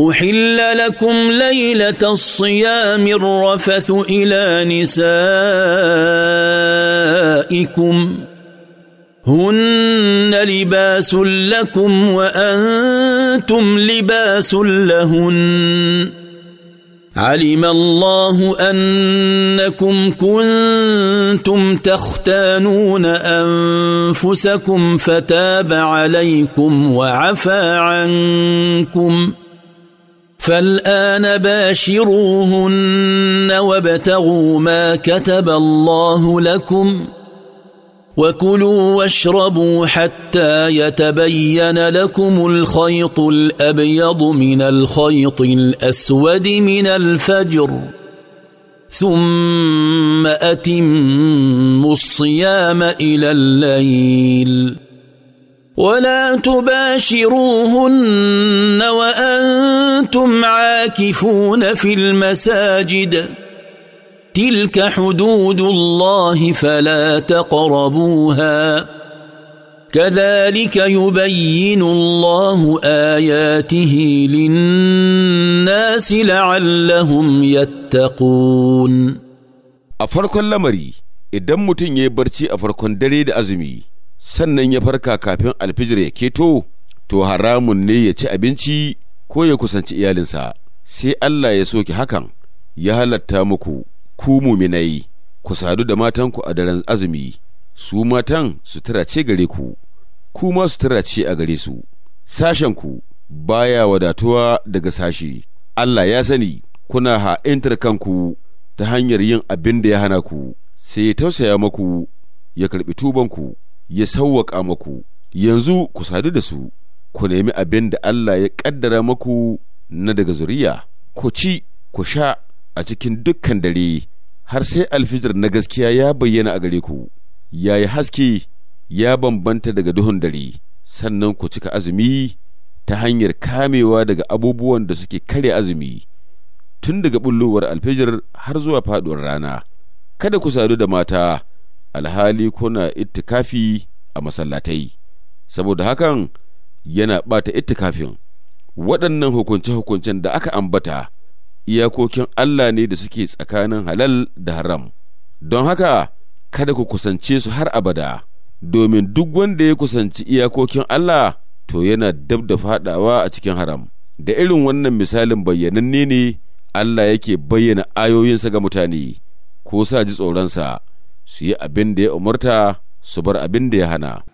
احل لكم ليله الصيام الرفث الى نسائكم هن لباس لكم وانتم لباس لهن علم الله انكم كنتم تختانون انفسكم فتاب عليكم وعفى عنكم فالان باشروهن وابتغوا ما كتب الله لكم وكلوا واشربوا حتى يتبين لكم الخيط الابيض من الخيط الاسود من الفجر ثم اتموا الصيام الى الليل ولا تباشروهن وانتم عاكفون في المساجد تلك حدود الله فلا تقربوها كذلك يبين الله اياته للناس لعلهم يتقون افرق اللمري lamari idan mutum ya yi barci a farkon dare da azumi sannan ya farka kafin alfijir ya keto to haramun ne ya ci abinci ko ya kusanci iyalinsa sai Allah ya soke hakan ya halatta muku ku muminai ku sadu da matanku a daren azumi su matan su ce gare ku ku ma sutura ce a gare su ku baya wadatuwa daga sashe. Allah ya sani kuna ha'intar kanku ta hanyar yin abin da ya hana ku sai ya tausaya maku ya karɓi tubanku ya sawwaƙa maku yanzu ku sadu da su ku nemi abin da Allah ya ƙaddara maku na daga zuriya ku ci ku sha a cikin dukkan dare har sai alfijir na gaskiya ya bayyana a gare ku ya haske ya bambanta daga duhun dare sannan ku cika azumi ta hanyar kamewa daga abubuwan da suke kare azumi tun daga bullowar alfijir har zuwa faduwar rana kada ku sadu da mata alhali kuna ittikafi a masallatai saboda hakan yana ɓata ittikafin waɗannan hukunce-hukuncen da aka ambata iyakokin Allah ne da suke tsakanin halal da haram don haka kada ku kusance su har abada domin duk wanda ya kusanci iyakokin Allah to yana dab da fadawa a cikin haram da irin wannan misalin bayyananne ne Allah yake bayyana ayoyinsa ga mutane ko sa ji tsoronsa. su yi abin da ya umarta su bar abin da ya hana